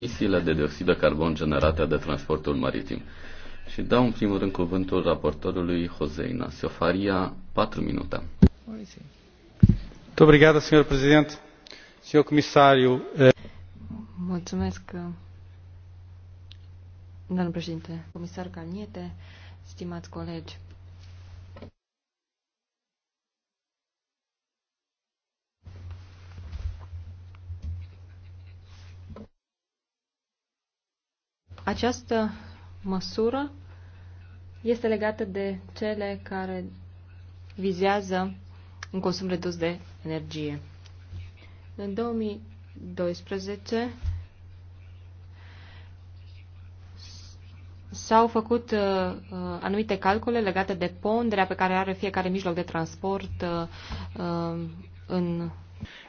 emisiile de dioxid de carbon generate de transportul maritim. Și dau în primul rând cuvântul raportorului Jose Ignacio Faria, 4 minute. Obrigado, senhor presidente. Senhor comissário. Eh, Mulțumesc, domnul președinte, comisar Calniete, stimați colegi. Această măsură este legată de cele care vizează un consum redus de energie. În 2012 s-au făcut uh, uh, anumite calcule legate de ponderea pe care are fiecare mijloc de transport uh, uh în.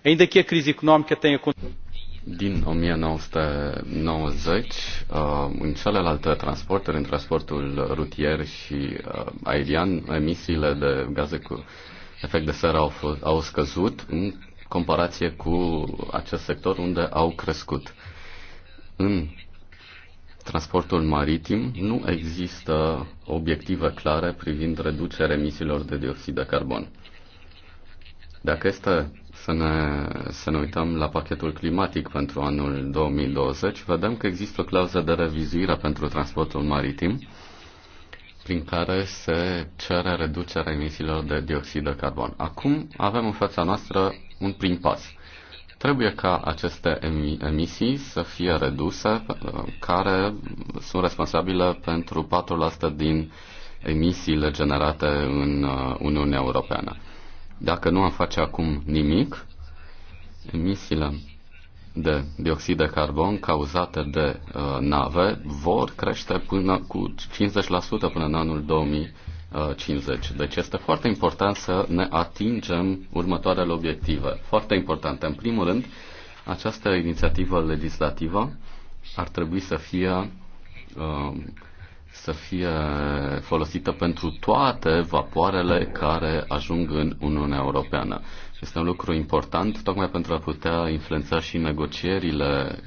Ainda que a crise económica tenha din 1990 uh, în celelalte transporturi, în transportul rutier și uh, aerian, emisiile de gaze cu efect de seră au, fost, au scăzut în comparație cu acest sector unde au crescut. În transportul maritim nu există obiective clare privind reducerea emisiilor de dioxid de carbon. Dacă este să ne, să ne uităm la pachetul climatic pentru anul 2020, vedem că există o clauză de revizuire pentru transportul maritim, prin care se cere reducerea emisiilor de dioxid de carbon. Acum avem în fața noastră un prim pas. Trebuie ca aceste emisii să fie reduse, uh, care sunt responsabile pentru 4% din emisiile generate în uh, Uniunea Europeană. Dacă nu am face acum nimic, emisiile de dioxid de carbon cauzate de uh, nave vor crește până cu 50% până în anul 2050. Uh, deci este foarte important să ne atingem următoarele obiective. Foarte importante. În primul rând, această inițiativă legislativă ar trebui să fie uh, să fie folosită pentru toate vapoarele care ajung în Uniunea Europeană. Este un lucru important tocmai pentru a putea influența și negocierile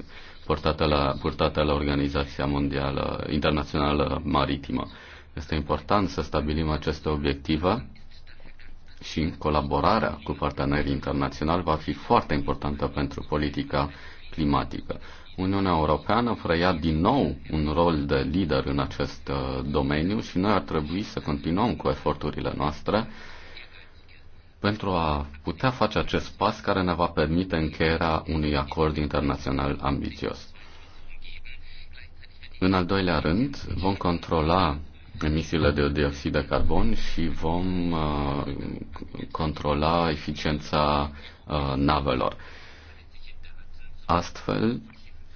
purtate la, purtate la Organizația Mondială Internațională Maritimă. Este important să stabilim aceste obiective și colaborarea cu partenerii internaționali va fi foarte importantă pentru politica climatică. Uniunea Europeană preia din nou un rol de lider în acest uh, domeniu și noi ar trebui să continuăm cu eforturile noastre pentru a putea face acest pas care ne va permite încheierea unui acord internațional ambițios. În al doilea rând, vom controla emisiile de dioxid de carbon și vom uh, controla eficiența uh, navelor. Astfel,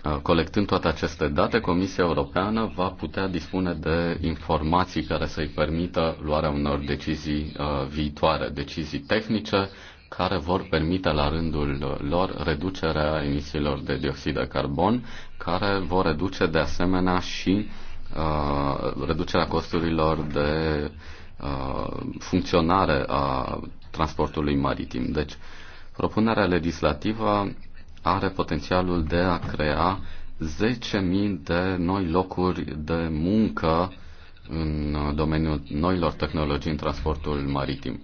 Uh, colectând toate aceste date, Comisia Europeană va putea dispune de informații care să-i permită luarea unor decizii uh, viitoare, decizii tehnice care vor permite la rândul lor reducerea emisiilor de dioxid de carbon, care vor reduce de asemenea și uh, reducerea costurilor de funcționare a transportului maritim. Deci, propunerea legislativă are potențialul de a crea 10.000 de noi locuri de muncă în domeniul noilor tehnologii în transportul maritim.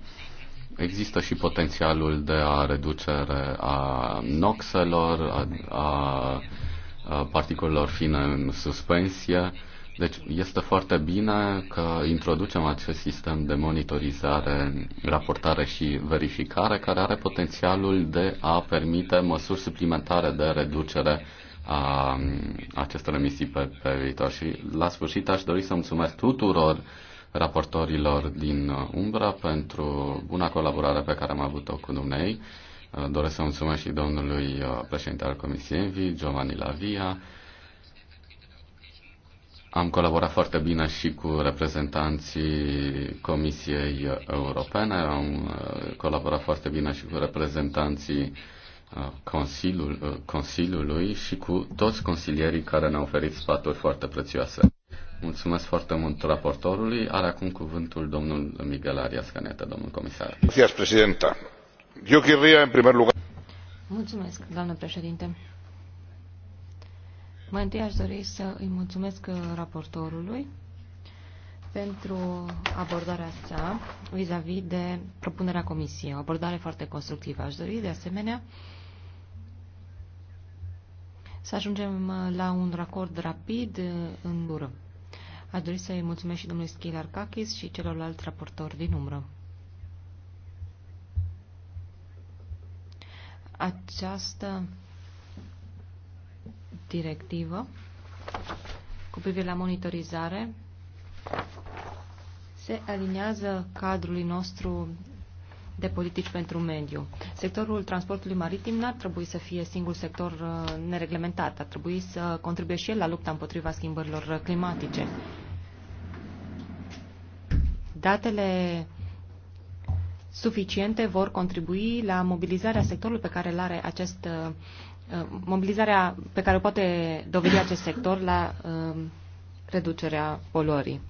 Există și potențialul de a reducere a noxelor, a, a, a particulelor fine în suspensie, deci este foarte bine că introducem acest sistem de monitorizare, raportare și verificare care are potențialul de a permite măsuri suplimentare de reducere a acestor emisii pe, pe viitor. Și la sfârșit aș dori să mulțumesc tuturor raportorilor din Umbra pentru buna colaborare pe care am avut-o cu dumnei. Doresc să mulțumesc și domnului uh, președinte al Comisiei Envi, Giovanni Lavia, am colaborat foarte bine și cu reprezentanții Comisiei Europene, am uh, colaborat foarte bine și cu reprezentanții uh, Consiliul, uh, Consiliului și cu toți consilierii care ne-au oferit sfaturi foarte prețioase. Mulțumesc foarte mult raportorului. Are acum cuvântul domnul Miguel Arias Caneta, domnul comisar. Mulțumesc, președinte. Eu chiria în primul loc. Mulțumesc, doamnă președinte. Mai întâi aș dori să îi mulțumesc uh, raportorului pentru abordarea sa vis-a-vis -vis de propunerea comisiei. O abordare foarte constructivă. Aș dori, de asemenea, să ajungem uh, la un racord rapid uh, în dură. Aș dori să îi mulțumesc și domnului Schiller Kakis și celorlalți raportori din umbră. Această directivă cu privire la monitorizare se aliniază cadrului nostru de politici pentru mediu. Sectorul transportului maritim n-ar trebui să fie singur sector uh, nereglementat, ar trebui să contribuie și el la lupta împotriva schimbărilor uh, climatice. Datele suficiente vor contribui la mobilizarea sectorului pe care îl are acest uh, Uh, mobilizarea pe care o poate dovedi acest sector la uh, reducerea poluării.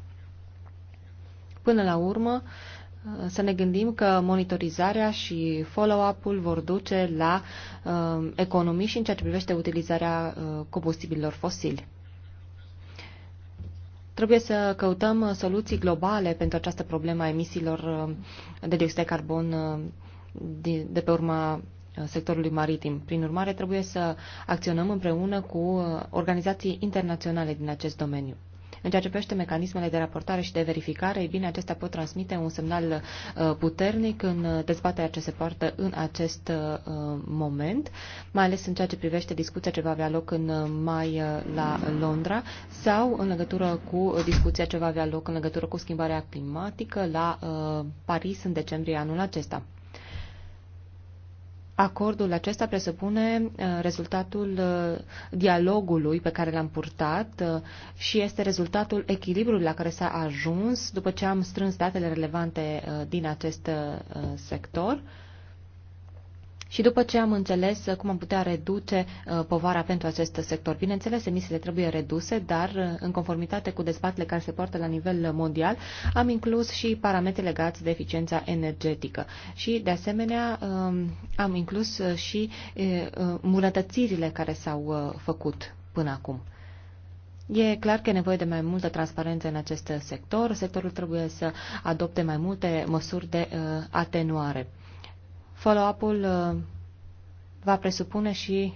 Până la urmă, uh, să ne gândim că monitorizarea și follow-up-ul vor duce la uh, economii și în ceea ce privește utilizarea uh, combustibililor fosili. Trebuie să căutăm soluții globale pentru această problemă a emisiilor de dioxid de carbon de pe urma sectorului maritim. Prin urmare, trebuie să acționăm împreună cu uh, organizații internaționale din acest domeniu. În ceea ce privește mecanismele de raportare și de verificare, ei bine, acestea pot transmite un semnal uh, puternic în uh, dezbaterea ce se poartă în acest moment, mai ales în ceea ce privește discuția ce va avea loc în mai la Londra sau în legătură cu discuția ce va avea loc în legătură cu schimbarea climatică la Paris în decembrie anul acesta. Acordul acesta presupune uh, rezultatul uh, dialogului pe care l-am purtat uh, și este rezultatul echilibrului la care s-a ajuns după ce am strâns datele relevante din acest sector și după ce am înțeles uh, cum am putea reduce uh, povara pentru acest sector, bineînțeles, emisiile trebuie reduse, dar uh, în conformitate cu dezbatele care se poartă la nivel mondial, am inclus și parametri legați de eficiența energetică. Și, de asemenea, um, am inclus și îmbunătățirile care s-au făcut până acum. E clar că e nevoie de mai multă transparență în acest sector. Sectorul trebuie să adopte mai multe măsuri de uh, atenuare. Follow-up-ul uh, va presupune și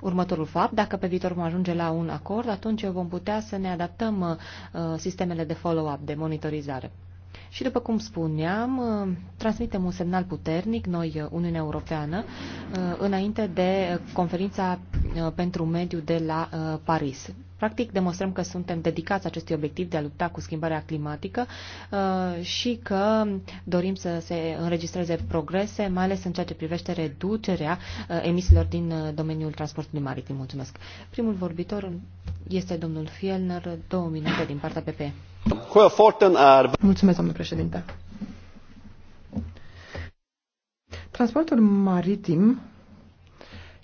următorul fapt. Dacă pe viitor vom ajunge la un acord, atunci vom putea să ne adaptăm uh, uh, sistemele de follow-up, de monitorizare. Și după cum spuneam, uh, transmitem un semnal puternic, noi, uh, Uniunea Europeană, uh, înainte de conferința pentru mediu de la Paris. Practic, demonstrăm că suntem dedicați acestui obiectiv de a lupta cu schimbarea climatică și că dorim să se înregistreze progrese, mai ales în ceea ce privește reducerea emisiilor din domeniul transportului maritim. Mulțumesc. Primul vorbitor este domnul Fielner, două minute din partea PP. Mulțumesc, domnule președinte. Transportul maritim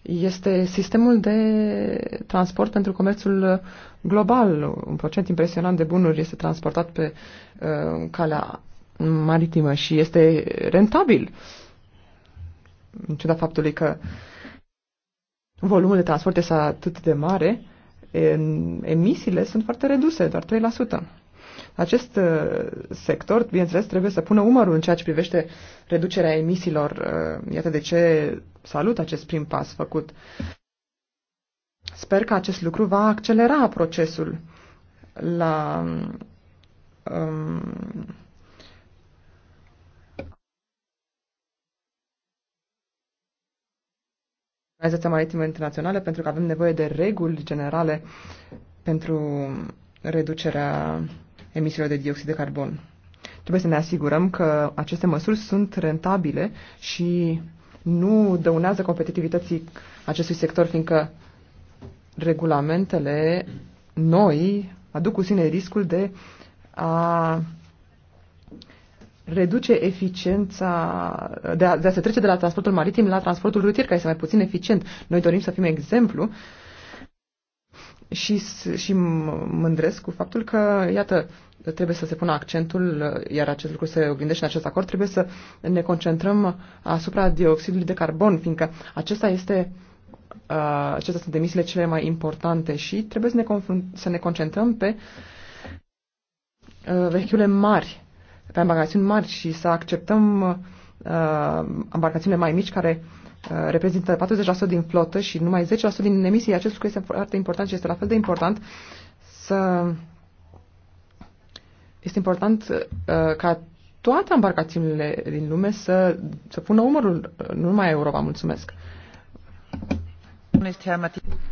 este sistemul de transport pentru comerțul global. Un procent impresionant de bunuri este transportat pe uh, calea maritimă și este rentabil. În ciuda faptului că volumul de transport este atât de mare, emisiile sunt foarte reduse, doar acest uh, sector, bineînțeles, trebuie să pună umărul în ceea ce privește reducerea emisiilor. Uh, iată de ce salut acest prim pas făcut. Sper că acest lucru va accelera procesul la um, Maritimă Internațională, pentru că avem nevoie de reguli generale pentru reducerea emisiilor de dioxid de carbon. Trebuie să ne asigurăm că aceste măsuri sunt rentabile și nu dăunează competitivității acestui sector, fiindcă regulamentele noi aduc cu sine riscul de a reduce eficiența, de a, de a se trece de la transportul maritim la transportul rutier, care este mai puțin eficient. Noi dorim să fim exemplu și, și mândresc cu faptul că, iată, trebuie să se pună accentul, iar acest lucru se oglindește în acest acord, trebuie să ne concentrăm asupra dioxidului de carbon, fiindcă acesta este acestea sunt emisiile cele mai importante și trebuie să ne, să ne concentrăm pe vehicule mari, pe embarcațiuni mari și să acceptăm embarcațiunile mai mici care Uh, reprezintă 40% din flotă și numai 10% din emisii. Acest lucru este foarte important și este la fel de important să... Este important uh, ca toate embarcațiunile din lume să, să pună umărul, uh, nu numai Europa. Mulțumesc!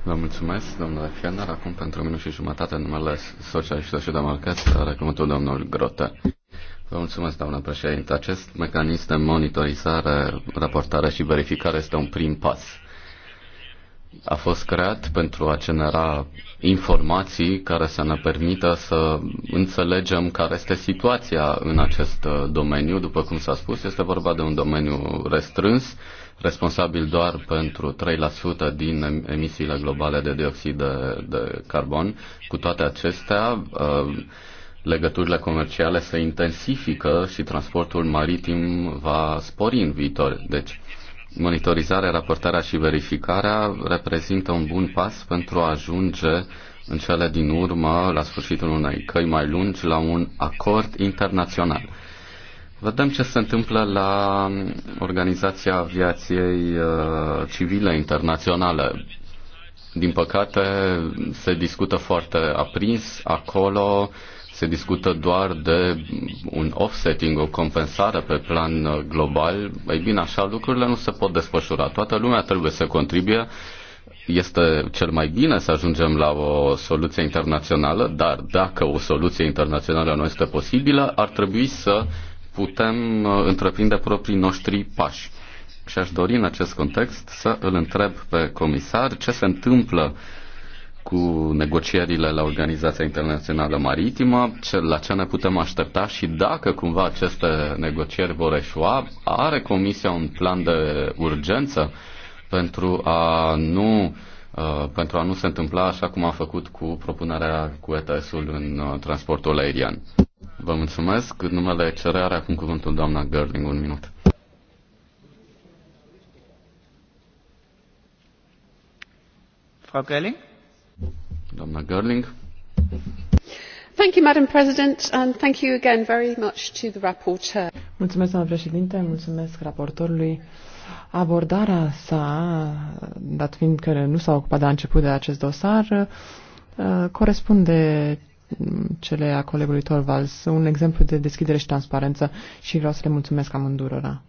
Vă mulțumesc, domnule Fianar. Acum, pentru minut și jumătate, numele Socialiștilor și Democrați, reclamatul domnul Grote. Vă mulțumesc, doamnă președinte. Acest mecanism de monitorizare, raportare și verificare este un prim pas. A fost creat pentru a genera informații care să ne permită să înțelegem care este situația în acest domeniu. După cum s-a spus, este vorba de un domeniu restrâns, responsabil doar pentru 3% din emisiile globale de dioxid de, de carbon. Cu toate acestea, uh, legăturile comerciale se intensifică și transportul maritim va spori în viitor. Deci, monitorizarea, raportarea și verificarea reprezintă un bun pas pentru a ajunge în cele din urmă, la sfârșitul unei căi mai lungi, la un acord internațional. Vedem ce se întâmplă la Organizația Aviației uh, Civile Internaționale. Din păcate, se discută foarte aprins acolo se discută doar de un offsetting, o compensare pe plan uh, global, ei bine, așa lucrurile nu se pot desfășura. Toată lumea trebuie să contribuie. Este cel mai bine să ajungem la o soluție internațională, dar dacă o soluție internațională nu este posibilă, ar trebui să putem uh, întreprinde proprii noștri pași. Și aș dori în acest context să îl întreb pe comisar ce se întâmplă cu negocierile la Organizația Internațională Maritimă, ce, la ce ne putem aștepta și dacă cumva aceste negocieri vor eșua, are Comisia un plan de urgență pentru a nu uh, pentru a nu se întâmpla așa cum a făcut cu propunerea cu ETS-ul în uh, transportul aerian. Vă mulțumesc. În numele CR are acum cuvântul doamna Gerling. Un minut. Frau Gerling? Mulțumesc, doamnă președinte, mulțumesc raportorului. Abordarea sa, dat fiind că nu s-a ocupat de la început de acest dosar, uh, corespunde cele a colegului Torvalds, un exemplu de deschidere și transparență și vreau să le mulțumesc amândurora.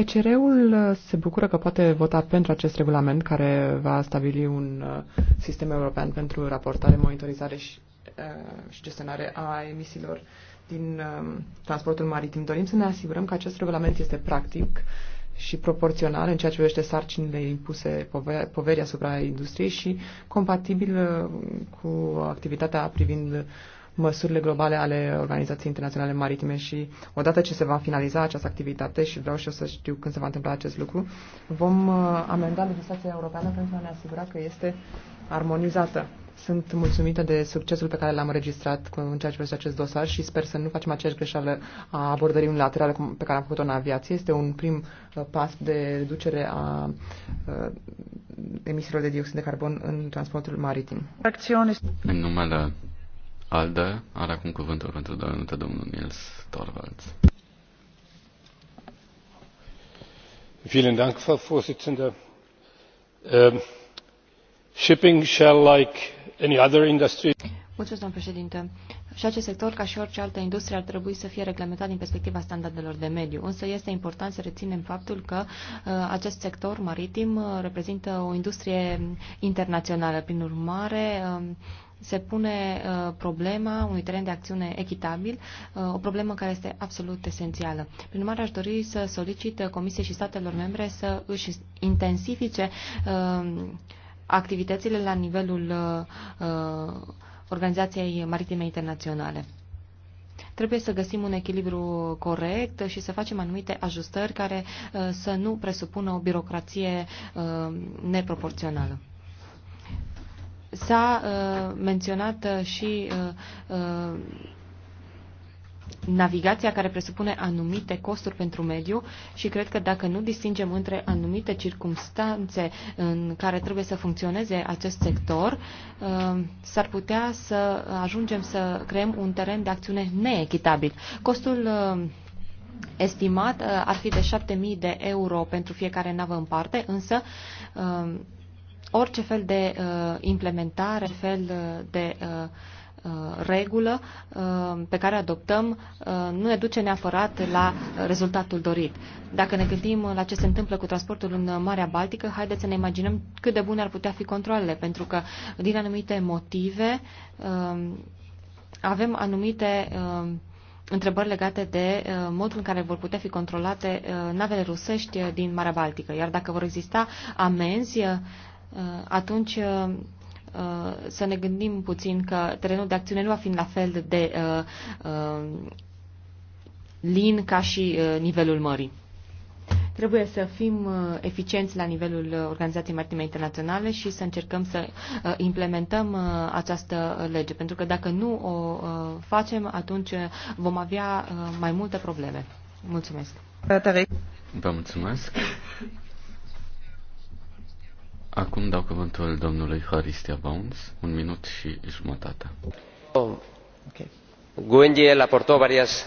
ECR-ul uh, se bucură că poate vota pentru acest regulament care va stabili un uh, sistem european pentru raportare, monitorizare și, uh, și gestionare a emisiilor din um, transportul maritim. Dorim să ne asigurăm că acest regulament este practic și proporțional în ceea ce privește sarcinile impuse poverii asupra industriei și compatibil cu activitatea privind măsurile globale ale Organizației Internaționale Maritime și odată ce se va finaliza această activitate și vreau și eu să știu când se va întâmpla acest lucru, vom uh, amenda legislația europeană pentru a ne asigura că este armonizată. Sunt mulțumită de succesul pe care l-am înregistrat cu, în ceea ce privește acest dosar și sper să nu facem aceeași greșeală a abordării unilaterale pe care am făcut-o în aviație. Este un prim uh, pas de reducere a uh, emisiilor de dioxid de carbon în transportul maritim. În numele Alde are acum cuvântul pentru doamnă domnul Nils Torvalds. Vielen Dank, Frau Vorsitzende. Ähm, shipping shall like any other industry. Mulțumesc, domnul președinte. Și acest sector, ca și orice altă industrie, ar trebui să fie reglementat din perspectiva standardelor de mediu. Însă este important să reținem faptul că uh, acest sector maritim uh, reprezintă o industrie internațională. Prin urmare, uh, se pune uh, problema unui teren de acțiune echitabil, uh, o problemă care este absolut esențială. Prin urmare, aș dori să solicit Comisiei și statelor membre să își intensifice uh, activitățile la nivelul Organizației Maritime Internaționale trebuie să găsim un echilibru corect și să facem anumite ajustări care să nu presupună o birocrație neproporțională. S-a uh, menționat uh, și uh, uh, navigația care presupune anumite costuri pentru mediu și cred că dacă nu distingem între anumite circumstanțe în care trebuie să funcționeze acest sector, uh, s-ar putea să ajungem să creăm un teren de acțiune neechitabil. Costul uh, estimat ar fi de 7.000 de euro pentru fiecare navă în parte, însă orice fel de uh, implementare, orice fel uh, de uh, uh regulă uh, pe care adoptăm nu ne duce neapărat la rezultatul dorit. Dacă ne gândim la ce se întâmplă cu transportul în Marea Baltică, haideți să ne imaginăm cât de bune ar putea fi controlele, pentru că din anumite motive avem anumite întrebări legate de uh, modul în care vor putea fi controlate uh, navele rusești uh, din Marea Baltică. Iar dacă vor exista amenzi Uh, atunci uh, uh, să ne gândim puțin că terenul de acțiune nu va fi la fel de lin ca și nivelul mării. Trebuie să fim eficienți la nivelul Organizației Maritime Internaționale și să încercăm să implementăm această lege, pentru că dacă nu o facem, atunci vom avea mai multe probleme. Mulțumesc! Vă mulțumesc! Acum dau cuvântul domnului Haristia Bounds, un minut și jumătate. Oh, okay. Guengie aportó varias,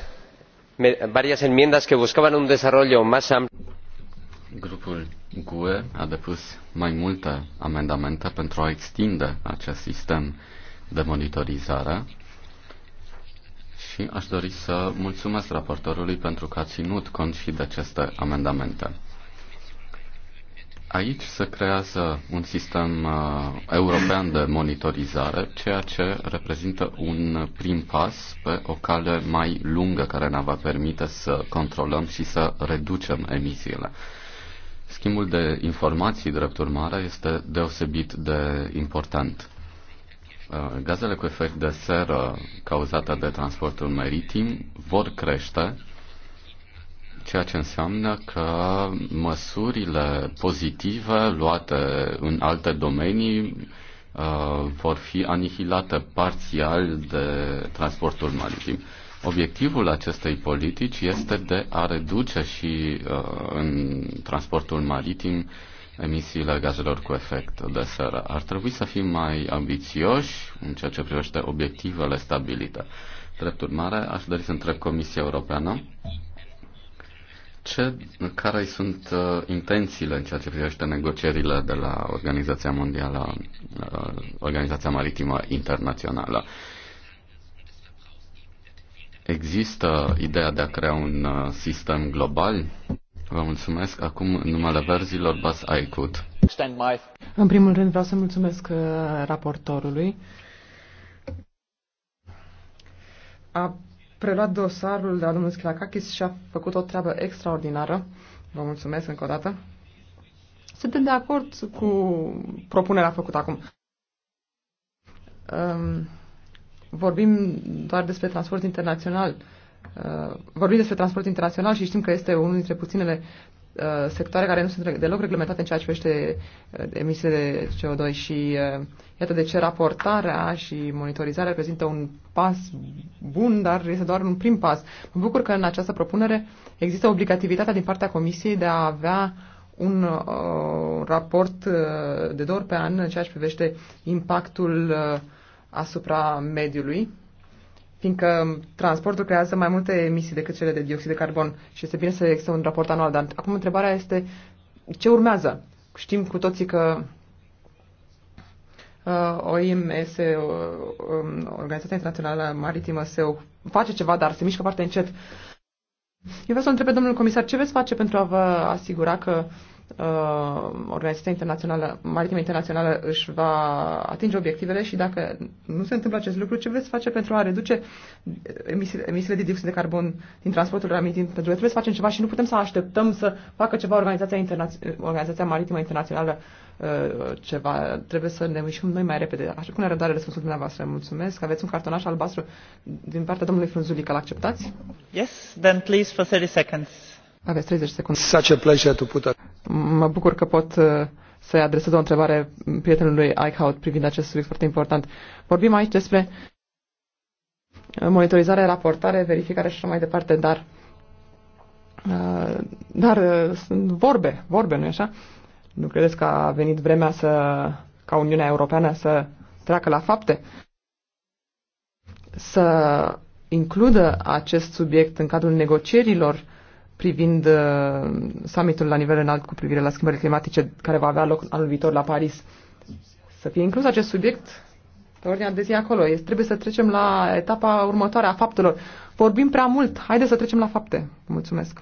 varias enmiendas que buscaban un desarrollo más amplio. Grupul GUE a depus mai multe amendamente pentru a extinde acest sistem de monitorizare și aș dori să mulțumesc raportorului pentru că a ținut cont și de aceste amendamente. Aici se creează un sistem uh, european de monitorizare, ceea ce reprezintă un prim pas pe o cale mai lungă care ne va permite să controlăm și să reducem emisiile. Schimbul de informații, drept urmare, este deosebit de important. Uh, gazele cu efect de seră cauzate de transportul maritim vor crește ceea ce înseamnă că măsurile pozitive luate în alte domenii uh, vor fi anihilate parțial de transportul maritim. Obiectivul acestei politici este de a reduce și uh, în transportul maritim emisiile gazelor cu efect de seră. Ar trebui să fim mai ambițioși în ceea ce privește obiectivele stabilite. Drept urmare, aș dori să întreb Comisia Europeană ce, care sunt uh, intențiile în ceea ce privește negocierile de la Organizația Mondială, uh, Organizația Maritimă Internațională? Există ideea de a crea un uh, sistem global? Vă mulțumesc. Acum, în numele verzilor, Bas Aikut. În primul rând vreau să mulțumesc uh, raportorului. A preluat dosarul de la domnul Schilacakis și a făcut o treabă extraordinară. Vă mulțumesc încă o dată. Suntem de acord cu propunerea făcută acum. Um, vorbim doar despre transport internațional. Uh, vorbim despre transport internațional și știm că este unul dintre puținele Uh, sectoare care nu sunt deloc reglementate în ceea ce privește uh, emisiile de CO2 și uh, iată de ce raportarea și monitorizarea reprezintă un pas bun, dar este doar un prim pas. Mă bucur că în această propunere există obligativitatea din partea Comisiei de a avea un uh, raport uh, de două ori pe an în ceea ce privește impactul uh, asupra mediului fiindcă transportul creează mai multe emisii decât cele de dioxid de carbon și este bine să există un raport anual. Dar acum întrebarea este ce urmează? Știm cu toții că uh, OMS, uh, um, Organizația Internațională Maritimă, se face ceva, dar se mișcă foarte încet. Eu vreau să întreb pe domnul comisar ce veți face pentru a vă asigura că uh, uh, Organizația Internațională, Maritimă Internațională își va atinge obiectivele și dacă nu se întâmplă acest lucru, ce veți face pentru a reduce emisiile, emisiile de dioxid de carbon din transportul maritim? Pentru că trebuie să facem ceva și nu putem să așteptăm să facă ceva Organizația, Internaț- Organizația Maritimă Internațională uh, ceva. Trebuie să ne mișcăm noi mai repede. Aș cu nerăbdare răspunsul dumneavoastră. Mulțumesc. Aveți un cartonaș albastru din partea domnului Frunzulică. L-acceptați? Yes, then please for 30 seconds. Aveți 30 secunde. Such a pleasure to put a mă bucur că pot uh, să-i adresez o întrebare prietenului Eichhout privind acest subiect foarte important. Vorbim aici despre monitorizare, raportare, verificare și așa mai departe, dar uh, dar uh, sunt vorbe, vorbe, nu-i așa? Nu credeți că a venit vremea să, ca Uniunea Europeană să treacă la fapte? Să includă acest subiect în cadrul negocierilor privind uh, summitul la nivel înalt cu privire la schimbările climatice care va avea loc anul viitor la Paris. Să fie inclus acest subiect pe ordinea de zi acolo. Este, trebuie să trecem la etapa următoare a faptelor. Vorbim prea mult. Haideți să trecem la fapte. Mulțumesc.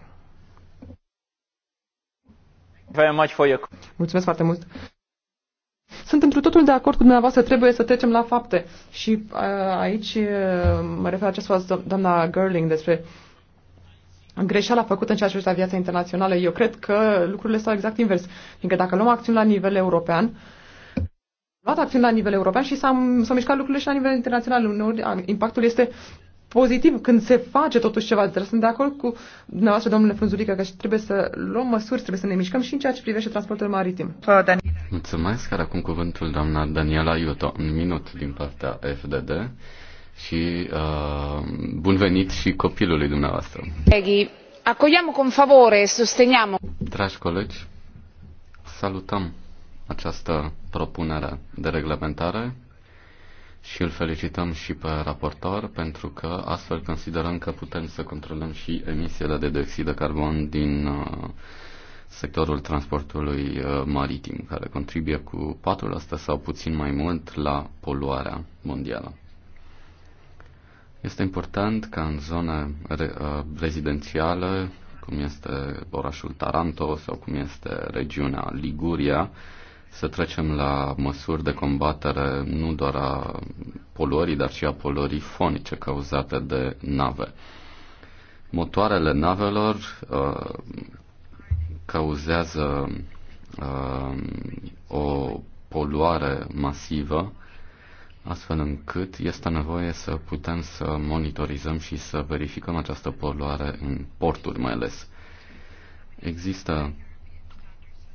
Mulțumesc foarte mult. Sunt într totul de acord cu dumneavoastră, trebuie să trecem la fapte. Și uh, aici uh, mă refer la ce a spus doamna Gerling despre uh, greșeala făcută în ceea ce privește aviația internațională. Eu cred că lucrurile stau exact invers. Fiindcă dacă luăm acțiuni la nivel european, luat acțiuni la nivel european și s-au mișcat lucrurile și la nivel internațional. Uneori impactul este pozitiv când se face totuși ceva. Dar sunt de acord cu dumneavoastră, domnule Frunzulică, că trebuie să luăm măsuri, trebuie să ne mișcăm și în ceea ce privește transportul maritim. Mulțumesc. care acum cuvântul doamna Daniela Iuto. Un minut din partea FDD și uh, bun venit și copilului dumneavoastră. Peggy, accogliamo con favore, sosteniamo. Dragi colegi, salutăm această propunere de reglementare și îl felicităm și pe raportor pentru că astfel considerăm că putem să controlăm și emisiile de dioxid de carbon din uh, sectorul transportului uh, maritim, care contribuie cu 4% sau puțin mai mult la poluarea mondială. Este important ca în zone uh, rezidențiale, cum este orașul Taranto sau cum este regiunea Liguria, să trecem la măsuri de combatere nu doar a poluării, dar și a poluării fonice cauzate de nave. Motoarele navelor uh, cauzează uh, o poluare masivă astfel încât este nevoie să putem să monitorizăm și să verificăm această poluare în porturi mai ales. Există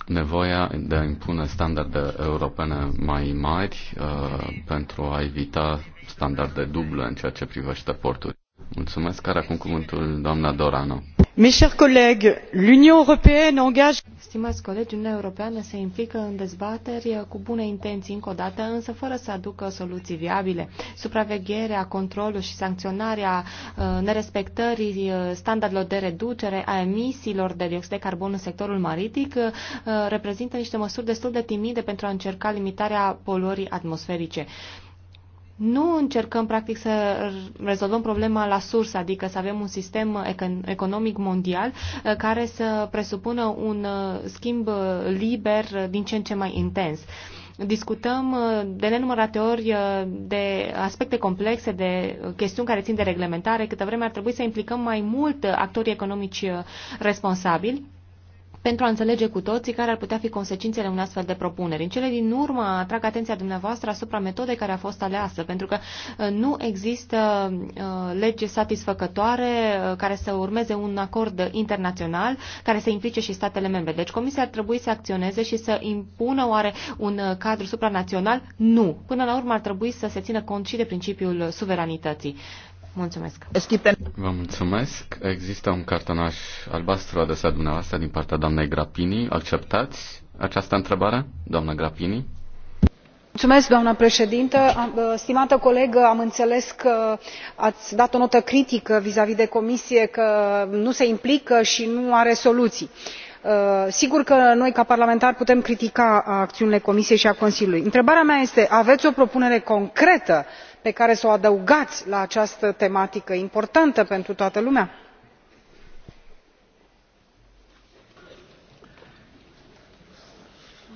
nevoia de a impune standarde europene mai mari uh, pentru a evita standarde duble în ceea ce privește porturi. Mulțumesc, care acum cuvântul doamna Dorano mes chers collègues l'union européenne engage. stimați colegi uniunea europeană se implică în dezbateri cu bune intenții încă o dată însă fără să aducă soluții viabile. supravegherea controlul și sancționarea uh, nerespectării uh, standardelor de reducere a emisiilor de dioxid de carbon în sectorul maritic uh, reprezintă niște măsuri destul de timide pentru a încerca limitarea poluării atmosferice nu încercăm practic să rezolvăm problema la sursă, adică să avem un sistem economic mondial uh, care să presupună un uh, schimb liber din ce în ce mai intens. Discutăm uh, de nenumărate ori de aspecte complexe, de chestiuni care țin de reglementare, câtă vreme ar trebui să implicăm mai mult actorii economici responsabili pentru a înțelege cu toții care ar putea fi consecințele unei astfel de propuneri. În cele din urmă atrag atenția dumneavoastră asupra metodei care a fost aleasă, pentru că uh, nu există uh, lege satisfăcătoare uh, care să urmeze un acord internațional care să implice și statele membre. Deci Comisia ar trebui să acționeze și să impună oare un cadru supranațional? Nu. Până la urmă ar trebui să se țină cont și de principiul suveranității. Mulțumesc. Vă mulțumesc. Există un cartonaș albastru adresat dumneavoastră din partea doamnei Grapini. Acceptați această întrebare, doamna Grapini? Mulțumesc, doamna președintă uh, stimată colegă am înțeles că ați dat o notă critică vizavi de comisie că nu se implică și nu are soluții. Uh, sigur că noi ca parlamentari putem critica acțiunile comisiei și a consiliului. întrebarea mea este aveți o propunere concretă pe care să o adăugați la această tematică importantă pentru toată lumea?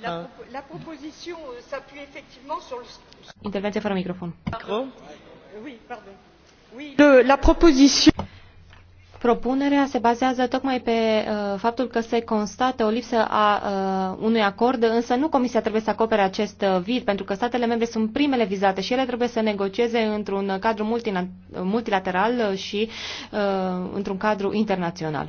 Ah. Euh, Intervenție fără microfon. la Propunerea se bazează tocmai pe uh, faptul că se constată o lipsă a uh, unui acord, însă nu Comisia trebuie să acopere acest uh, vid, pentru că statele membre sunt primele vizate și ele trebuie să negocieze într-un cadru multilateral și uh, într-un cadru internațional.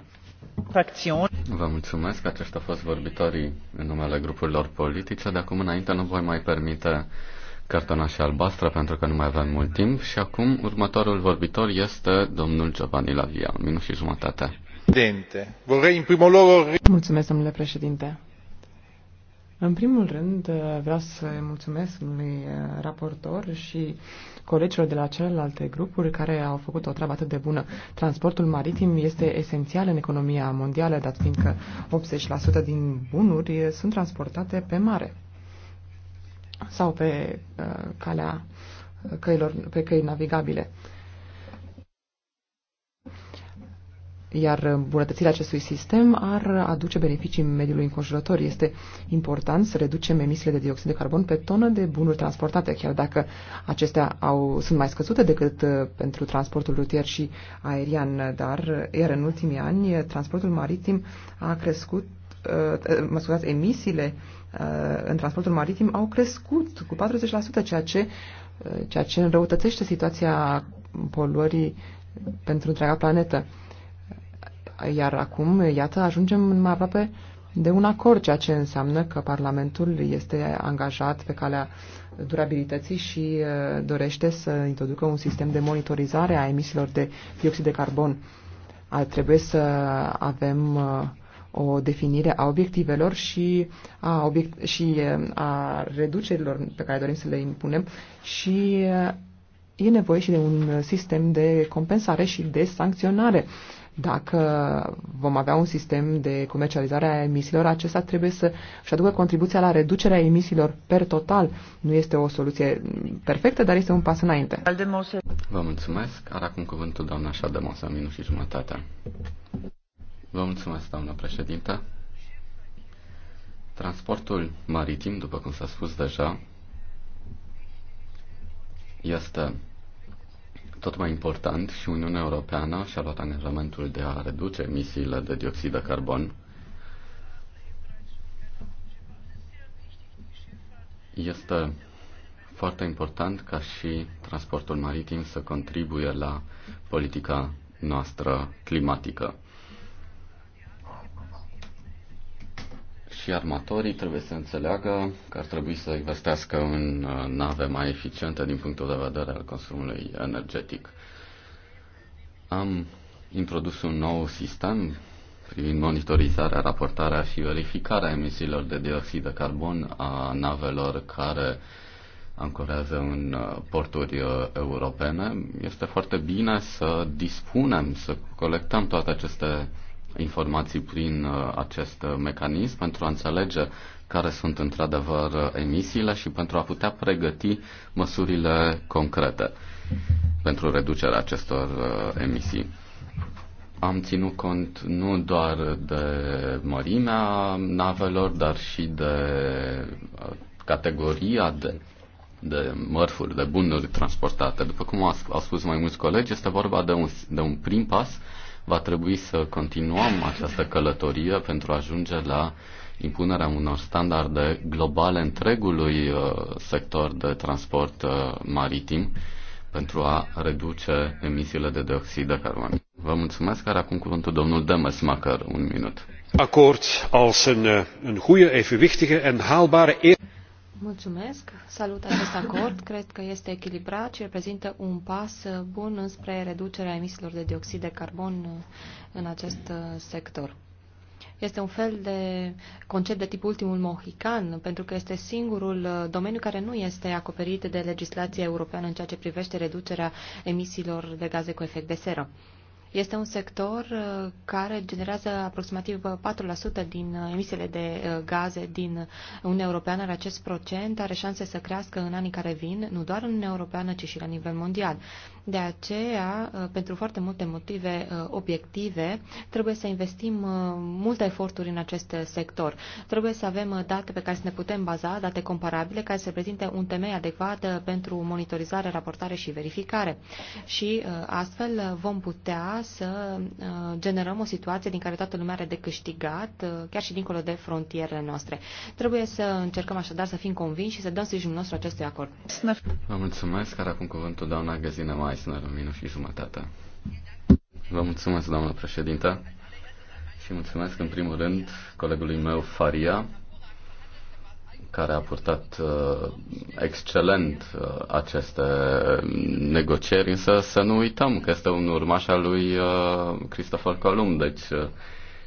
Vă mulțumesc, aceștia au fost vorbitorii în numele grupurilor politice. De acum înainte nu voi mai permite cartonașe albastră pentru că nu mai avem mult timp și acum următorul vorbitor este domnul Giovanni Lavia, un minut și jumătate. Mulțumesc, domnule președinte. În primul rând, vreau să mulțumesc unui eh, raportor și colegilor de la celelalte grupuri care au făcut o treabă atât de bună. Transportul maritim este esențial în economia mondială, dat fiindcă 80% din bunuri eh, sunt transportate pe mare sau pe uh, calea uh, căilor, pe căi navigabile. Iar îmbunătățirea acestui sistem ar aduce beneficii mediului înconjurător. Este important să reducem emisiile de dioxid de carbon pe tonă de bunuri transportate, chiar dacă acestea au, sunt mai scăzute decât uh, pentru transportul rutier și aerian, dar iar în ultimii ani transportul maritim a crescut, mă scuzați, emisiile Uh, în transportul maritim au crescut cu 40%, ceea ce, uh, ceea ce înrăutățește situația poluării pentru întreaga planetă. Iar acum, iată, ajungem mai aproape de un acord, ceea ce înseamnă că Parlamentul este angajat pe calea durabilității și uh, dorește să introducă un sistem de monitorizare a emisiilor de dioxid de carbon. Ar trebui să avem o definire a obiectivelor și a, obiect- și a reducerilor pe care dorim să le impunem și e nevoie și de un sistem de compensare și de sancționare. Dacă vom avea un sistem de comercializare a emisiilor, acesta trebuie să își aducă contribuția la reducerea emisiilor per total. Nu este o soluție perfectă, dar este un pas înainte. Vă mulțumesc. Are acum cuvântul doamna Șademose, minut și jumătate. Vă mulțumesc, doamnă președintă. Transportul maritim, după cum s-a spus deja, este tot mai important și Uniunea Europeană și-a luat angajamentul de a reduce emisiile de dioxid de carbon. Este foarte important ca și transportul maritim să contribuie la politica noastră climatică. și armatorii trebuie să înțeleagă că ar trebui să investească în uh, nave mai eficiente din punctul de vedere al consumului energetic. Am introdus un nou sistem privind monitorizarea, raportarea și verificarea emisiilor de dioxid de carbon a navelor care ancorează în uh, porturi uh, europene. Este foarte bine să dispunem, să colectăm toate aceste informații prin uh, acest mecanism pentru a înțelege care sunt într-adevăr emisiile și pentru a putea pregăti măsurile concrete pentru reducerea acestor uh, emisii. Am ținut cont nu doar de mărimea navelor, dar și de uh, categoria de de mărfuri, de bunuri transportate. După cum au spus mai mulți colegi, este vorba de un, de un prim pas Va trebui să continuăm această călătorie pentru a ajunge la impunerea unor standarde globale întregului uh, sector de transport uh, maritim pentru a reduce emisiile de dioxid de carbon. Vă mulțumesc, care acum cuvântul domnul Demesmacher, un minut. Acord, als een, eh, een goede, evenwichtige en haalbare... Mulțumesc. Salut acest acord. Cred că este echilibrat și reprezintă un pas bun înspre reducerea emisiilor de dioxid de carbon în acest sector. Este un fel de concept de tip ultimul mohican, pentru că este singurul domeniu care nu este acoperit de legislația europeană în ceea ce privește reducerea emisiilor de gaze cu efect de seră. Este un sector uh, care generează aproximativ 4% uh, din uh, emisiile de gaze din Uniunea Europeană, acest procent are șanse să crească în anii care vin, nu doar în Uniunea Europeană, ci și la nivel mondial. De aceea, pentru foarte multe motive obiective, trebuie să investim multe eforturi în acest sector. Trebuie să avem date pe care să ne putem baza, date comparabile, care să prezinte un temei adecvat pentru monitorizare, raportare și verificare. Și astfel vom putea să uh, generăm o situație din care toată lumea are de câștigat, uh, chiar și dincolo de frontierele noastre. Trebuie să încercăm așadar să fim convinși și să dăm sprijinul nostru acestui acord. Vă mulțumesc, care acum cuvântul doamna Găzină Maisner, un minut și jumătate. Vă mulțumesc, doamnă președintă, și mulțumesc în primul rând colegului meu Faria care a purtat uh, excelent uh, aceste negocieri, însă să nu uităm că este un urmaș al lui uh, Christopher Columb, deci uh,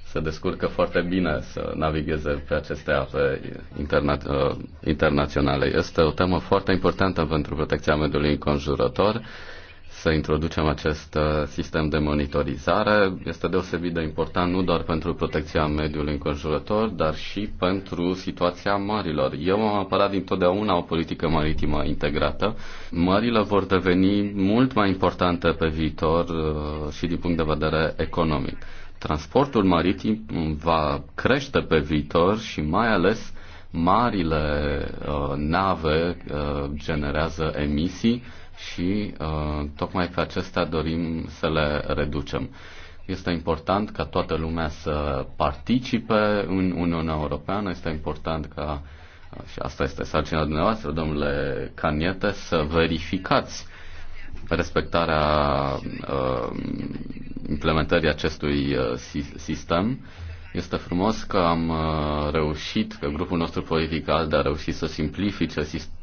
se descurcă foarte bine să navigheze pe aceste ape interna- uh, internaționale. Este o temă foarte importantă pentru protecția mediului înconjurător. Uh, să introducem acest uh, sistem de monitorizare. Este deosebit de important nu doar pentru protecția mediului înconjurător, dar și pentru situația mărilor. Eu am apărat dintotdeauna o politică maritimă integrată. Mările vor deveni mult mai importante pe viitor uh, și din punct de vedere economic. Transportul maritim va crește pe viitor și mai ales marile uh, nave uh, generează emisii și uh, tocmai pe acestea dorim să le reducem. Este important ca toată lumea să participe în Uniunea Europeană, este important ca, uh, și asta este sarcina dumneavoastră, domnule Caniete, să verificați respectarea uh, implementării acestui uh, sistem. Este frumos că am uh, reușit, că grupul nostru politic ALDE a reușit să simplifice sistemul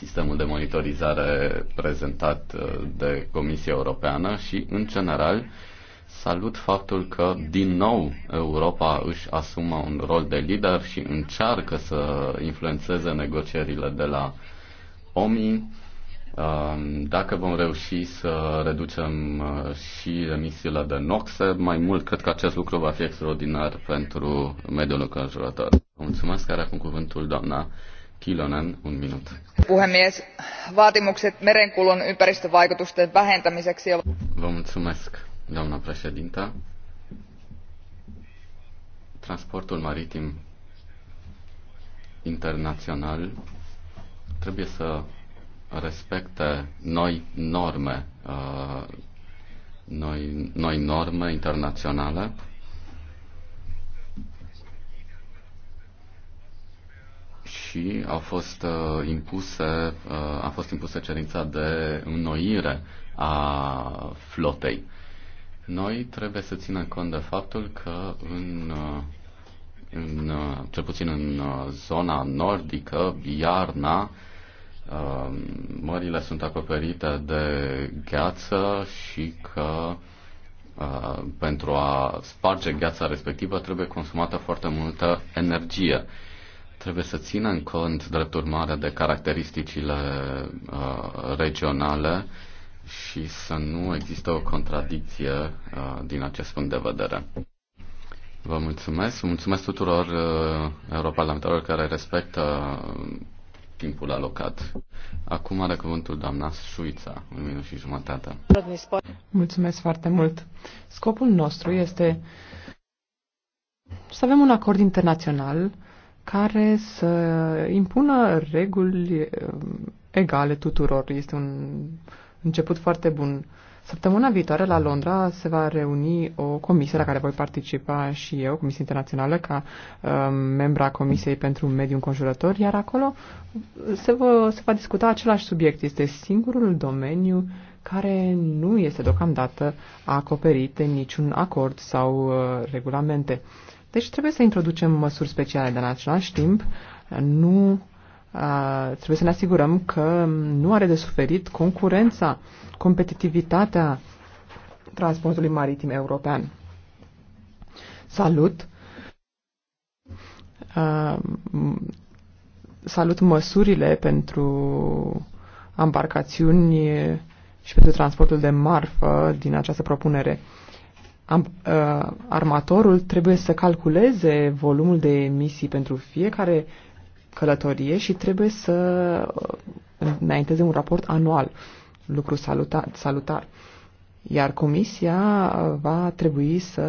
sistemul de monitorizare prezentat uh, de Comisia Europeană și, în general, salut faptul că, din nou, Europa își asumă un rol de lider și încearcă să influențeze negocierile de la OMI. Um, dacă vom reuși să reducem uh, și emisiile de noxe, mai mult cred că acest lucru va fi extraordinar pentru mediul înconjurător. Mulțumesc, care acum cuvântul doamna Kilonen, un Puhemies, vaatimukset merenkulun ympäristövaikutusten vähentämiseksi Transportul maritim internațional trebuie să respecte noi norme, uh, noi norme internaționale și au fost uh, impuse, uh, a fost impusă cerința de înnoire a flotei. Noi trebuie să ținem cont de faptul că în, uh, în uh, cel puțin în uh, zona nordică, iarna, mările sunt acoperite de gheață și că pentru a sparge gheața respectivă trebuie consumată foarte multă energie. Trebuie să țină în cont, drept urmare, de caracteristicile uh, regionale și să nu există o contradicție uh, din acest punct de vedere. Vă mulțumesc. Mulțumesc tuturor uh, europarlamentarilor care respectă uh, timpul alocat. Acum are cuvântul doamna Suița, un minut și jumătate. Mulțumesc foarte mult. Scopul nostru este să avem un acord internațional care să impună reguli um, egale tuturor. Este un început foarte bun. Săptămâna viitoare la Londra se va reuni o comisie la care voi participa și eu, Comisia Internațională, ca uh, membra Comisiei pentru Mediul Înconjurător, iar acolo se, va, se va discuta același subiect. Este singurul domeniu care nu este deocamdată acoperit de niciun acord sau uh, regulamente. Uh, deci trebuie să introducem măsuri speciale, dar în același timp nu a, trebuie să ne asigurăm că nu are de suferit concurența, competitivitatea transportului maritim european. Salut! A, salut măsurile pentru embarcațiuni și pentru transportul de marfă din această propunere am, uh, armatorul trebuie să calculeze volumul de emisii pentru fiecare călătorie și trebuie să uh, înainteze un raport anual, lucru salutar. salutar. Iar comisia uh, va trebui să,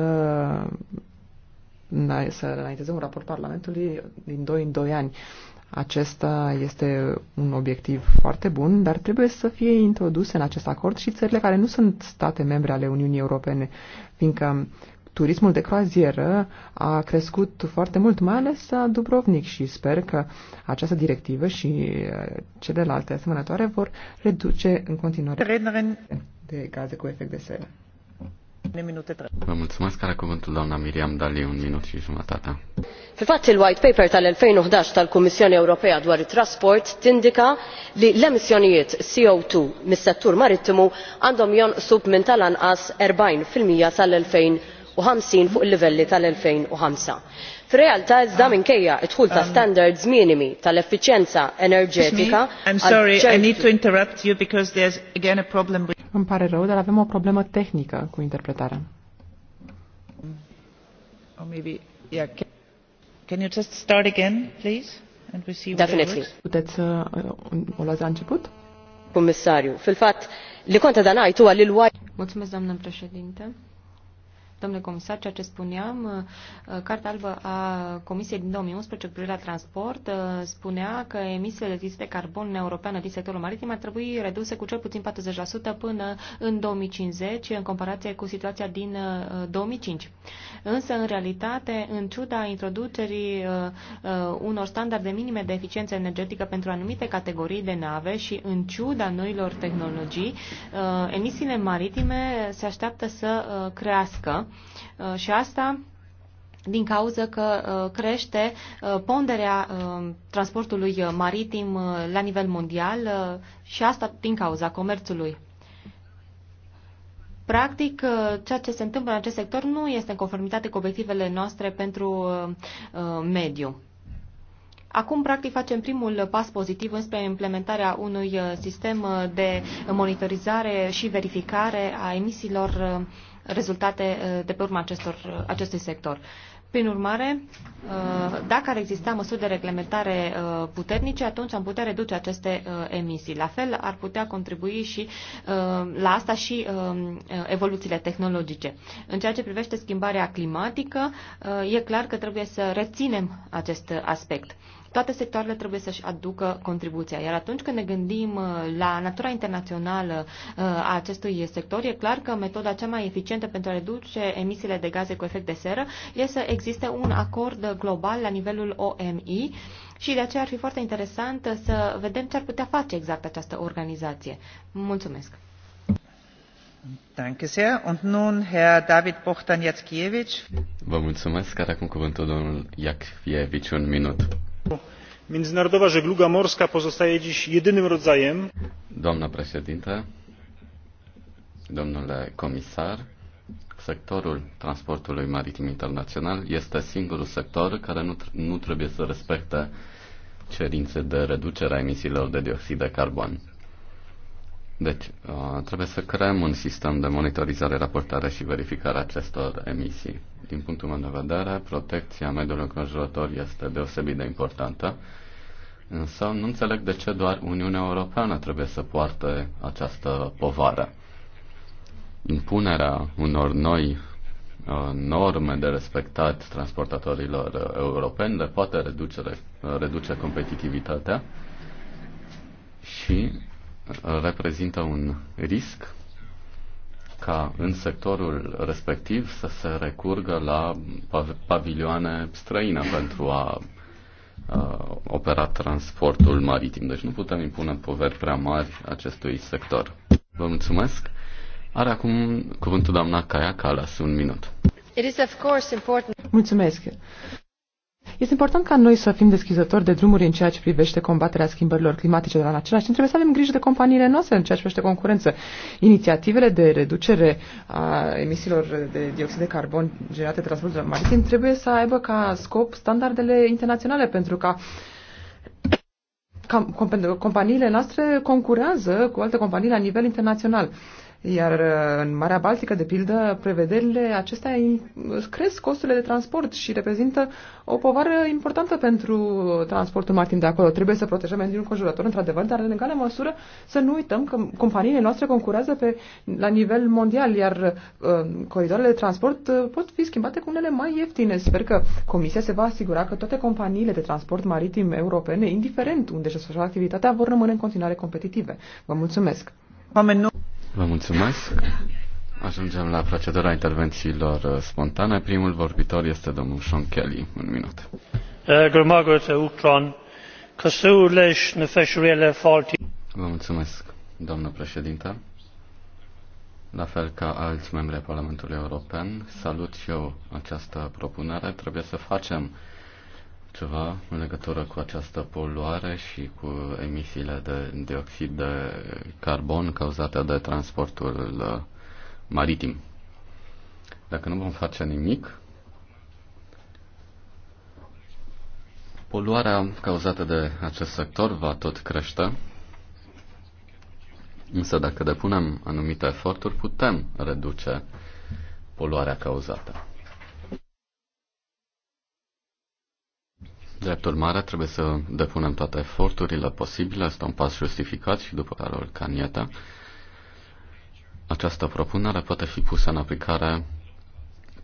uh, să înainteze un raport Parlamentului din 2 în 2 ani. Acesta este un obiectiv foarte bun, dar trebuie să fie introduse în acest acord și țările care nu sunt state membre ale Uniunii Europene, fiindcă turismul de croazieră a crescut foarte mult, mai ales la Dubrovnik și sper că această directivă și uh, celelalte asemănătoare vor reduce în continuare de gaze cu efect de seră. Minute Vă mulțumesc, care cuvântul doamna Miriam Dali, un minut și jumătate. Fil-fatt il-White Paper tal-2011 tal-Kummissjoni Ewropea dwar it-trasport tindika li l-emissjonijiet CO2 mis-settur marittimu għandhom jonqsu minn tal-anqas 40% sal-2050 fuq il-livelli tal-2005 fir-realtà iżda ah. minkejja d dħul ta' um, standards minimi tal effiċjenza enerġetika îmi pare rău dar avem o problemă tehnică cu interpretarea. Can you just start again, please, and we see Definitely. Puteți să uh, uh, o luați la început? Comisariu, fil fatt li konta dan għajtu għal il Mulțumesc, doamnă președinte domnule comisar, ceea ce spuneam, uh, cartea Albă a Comisiei din 2011 cu privire la transport uh, spunea că emisiile de dioxid de carbon europeană din sectorul maritim ar trebui reduse cu cel puțin 40% până în 2050 în comparație cu situația din 2005. Uh, Însă, în realitate, în ciuda introducerii unor standarde minime de eficiență energetică pentru anumite categorii de nave și în ciuda noilor tehnologii, emisiile maritime se așteaptă să crească Uh, și asta din cauza că uh, crește uh, ponderea transportului maritim la nivel mondial și asta din cauza comerțului. Practic, ceea ce se întâmplă în acest sector nu este în conformitate cu obiectivele noastre pentru mediu. Acum, practic, facem primul pas pozitiv înspre implementarea unui sistem de monitorizare și verificare a emisiilor rezultate uh, de pe urma acestor, uh, acestui sector. Prin urmare, uh, dacă ar exista măsuri de reglementare puternice, atunci am putea reduce aceste emisii. La fel ar putea contribui și la asta și evoluțiile tehnologice. În ceea ce privește schimbarea climatică, e clar că trebuie să reținem acest aspect. Toate sectoarele trebuie să-și aducă contribuția. Iar atunci când ne gândim uh, la natura internațională uh, a acestui sector, e clar că metoda cea mai eficientă pentru a reduce emisiile de gaze cu efect de seră e să existe un acord global la nivelul OMI și de aceea ar fi foarte interesant să vedem ce ar putea face exact această organizație. Mulțumesc! Danke sehr. Und nun Herr David Bohdan Jackiewicz. Vă mulțumesc. Care acum cuvântul domnul Jackiewicz, un minut. Międzynarodowa żegluga morska pozostaje dziś jedynym rodzajem. Doamna președintă, domnule comisar, sectorul transportului maritim internațional este singurul sector care nu, nu trebuie să respecte cerințe de reducere a emisiilor de dioxid de carbon. Deci, uh, trebuie să creăm un sistem de monitorizare, raportare și verificare a acestor emisii. Din punctul meu de vedere, protecția mediului înconjurător este deosebit de importantă, însă nu înțeleg de ce doar Uniunea Europeană trebuie să poarte această povară. Impunerea unor noi uh, norme de respectat transportatorilor europeni le poate reduce, reduce competitivitatea și reprezintă un risc ca în sectorul respectiv să se recurgă la pavilioane străine pentru a uh, opera transportul maritim. Deci nu putem impune poveri prea mari acestui sector. Vă mulțumesc. Are acum cuvântul doamna Caia Calas, un minut. It is of course important. Mulțumesc. Este important ca noi să fim deschizători de drumuri în ceea ce privește combaterea schimbărilor climatice, dar în același timp trebuie să avem grijă de companiile noastre în ceea ce privește concurență. Inițiativele de reducere a emisiilor de dioxid de carbon generate de transportul maritim trebuie să aibă ca scop standardele internaționale pentru ca companiile noastre concurează cu alte companii la nivel internațional. Iar uh, în Marea Baltică, de pildă, prevederile acestea uh, cresc costurile de transport și reprezintă o povară importantă pentru uh, transportul maritim de acolo. Trebuie să protejăm mediul conjurător, într-adevăr, dar în egală măsură să nu uităm că companiile noastre concurează pe, la nivel mondial, iar uh, coridoarele de transport pot fi schimbate cu unele mai ieftine. Sper că Comisia se va asigura că toate companiile de transport maritim europene, indiferent unde se desfășoară activitatea, vor rămâne în continuare competitive. Vă mulțumesc! Oameni nu... Vă mulțumesc. Ajungem la procedura intervențiilor uh, spontane. Primul vorbitor este domnul Sean Kelly. Un minut. Vă mulțumesc, doamnă președintă. La fel ca alți membri ai Parlamentului European, salut și eu această propunere. Trebuie să facem uh, ceva în legătură cu această poluare și cu emisiile de dioxid de carbon cauzate de transportul uh, maritim. Dacă nu vom face nimic, poluarea cauzată de acest sector va tot crește, însă dacă depunem anumite eforturi, putem reduce poluarea cauzată. Drept urmare, trebuie să depunem toate eforturile posibile, este un pas justificat și după care o canietă. Această propunere poate fi pusă în aplicare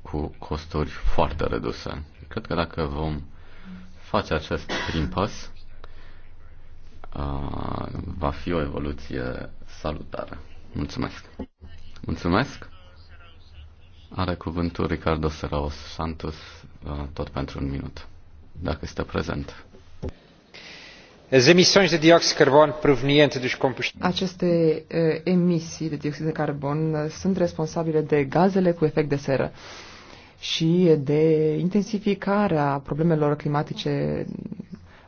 cu costuri foarte reduse. Cred că dacă vom face acest prim pas, va fi o evoluție salutară. Mulțumesc! Mulțumesc! Are cuvântul Ricardo Seraos Santos, tot pentru un minut dacă este prezent. Aceste eh, emisii de dioxid de carbon eh, sunt responsabile de gazele cu efect de seră și de intensificarea problemelor climatice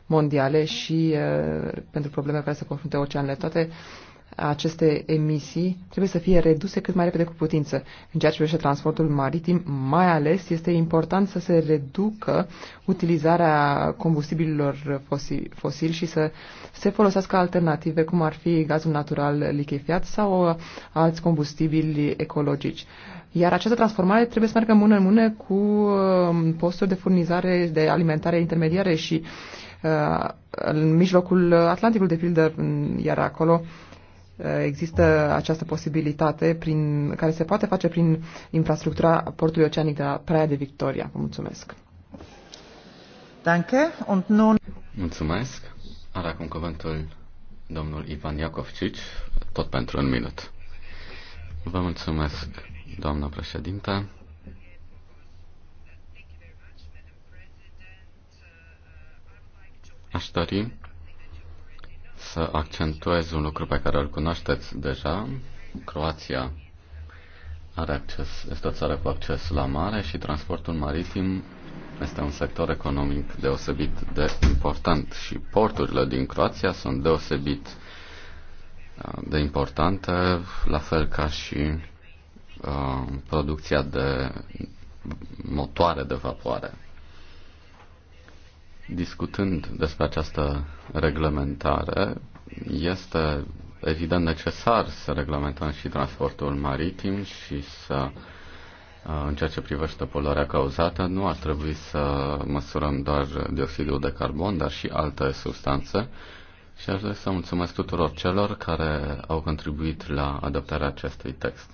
mondiale și eh, pentru probleme care se confruntă oceanele. Toate uh, aceste emisii trebuie să fie reduse cât mai repede cu putință. În ceea ce privește transportul maritim, mai ales este important să se reducă utilizarea combustibililor fosili și să se folosească alternative, cum ar fi gazul natural lichefiat sau uh, alți combustibili ecologici. Iar această transformare trebuie să meargă mână în mână cu uh, posturi de furnizare, de alimentare intermediare și uh, în mijlocul Atlanticului, de pildă, iar acolo Eh, există această posibilitate prin, care se poate face prin infrastructura portului oceanic de la Praia de Victoria. Vă mulțumesc. Danke und nun... Mulțumesc. Are acum cuvântul domnul Ivan Iacovcic, tot pentru un minut. Vă mulțumesc, doamna președintă. Aș dori să accentuez un lucru pe care îl cunoașteți deja. Croația are acces, este o țară cu acces la mare și transportul maritim este un sector economic deosebit de important și porturile din Croația sunt deosebit uh, de importante, la fel ca și uh, producția de motoare de vapoare. Discutând despre această reglementare, este evident necesar să reglementăm și transportul maritim și să uh, în ceea ce privește poluarea cauzată, nu ar trebui să măsurăm doar dioxidul de carbon, dar și alte substanțe. Și aș vrea să mulțumesc tuturor celor care au contribuit la adoptarea acestui text.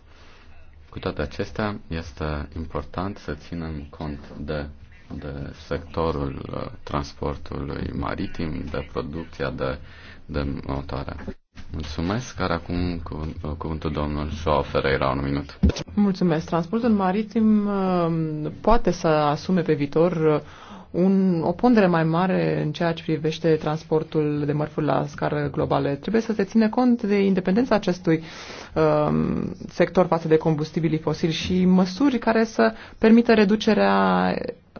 Cu toate acestea, este important să ținem cont de de sectorul uh, transportului maritim, de producția de, de motoare. Mulțumesc, care acum uh, cuvântul domnul Joao Ferreira, un minut. Mulțumesc. Transportul maritim uh, poate să asume pe viitor un, o pondere mai mare în ceea ce privește transportul de mărfuri la scară globală. Trebuie să se ține cont de independența acestui um, sector față de combustibilii fosili și măsuri care să permită reducerea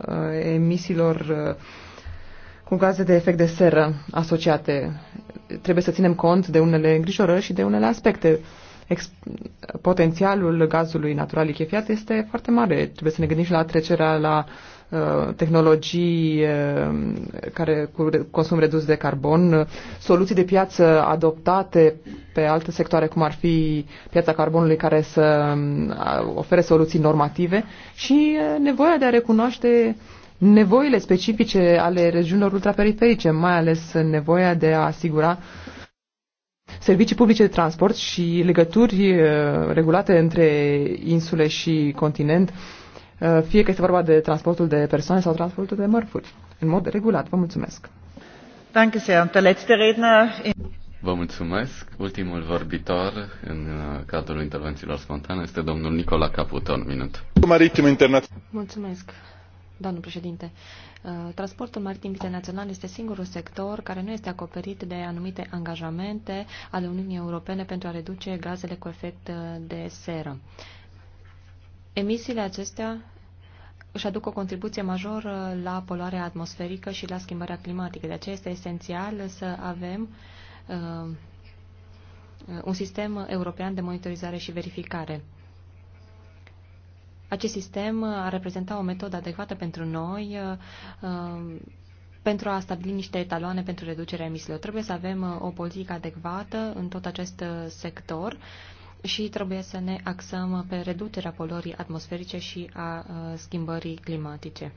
uh, emisiilor uh, cu gaze de efect de seră asociate. Trebuie să ținem cont de unele îngrijorări și de unele aspecte. Ex- potențialul gazului natural lichefiat este foarte mare. Trebuie să ne gândim și la trecerea la uh, Uh, tehnologii uh, care cu consum redus de carbon, uh, soluții de piață adoptate pe alte sectoare, cum ar fi piața carbonului, care să um, ofere soluții normative și nevoia de a recunoaște nevoile specifice ale regiunilor ultraperiferice, mai ales nevoia de a asigura servicii publice de transport și legături regulate între insule și continent, Eh, fie că este vorba de transportul de persoane sau transportul de mărfuri, în mod regulat. Vă mulțumesc! Vă mulțumesc. Ultimul vorbitor în eh, cadrul intervențiilor spontane este domnul Nicola Caputo, un minut. Mulțumesc, domnul președinte. Eh, transportul maritim internațional este singurul sector care nu este acoperit de anumite angajamente ale Uniunii Europene pentru a reduce gazele cu efect de seră. Emisiile acestea își aduc o contribuție majoră la poluarea atmosferică și la schimbarea climatică. De aceea este esențial să avem uh, un sistem european de monitorizare și verificare. Acest sistem ar reprezenta o metodă adecvată pentru noi uh, pentru a stabili niște etaloane pentru reducerea emisiilor. Trebuie să avem uh, o politică adecvată în tot acest uh, sector uh, și trebuie să ne axăm pe reducerea poluării atmosferice și a schimbării climatice.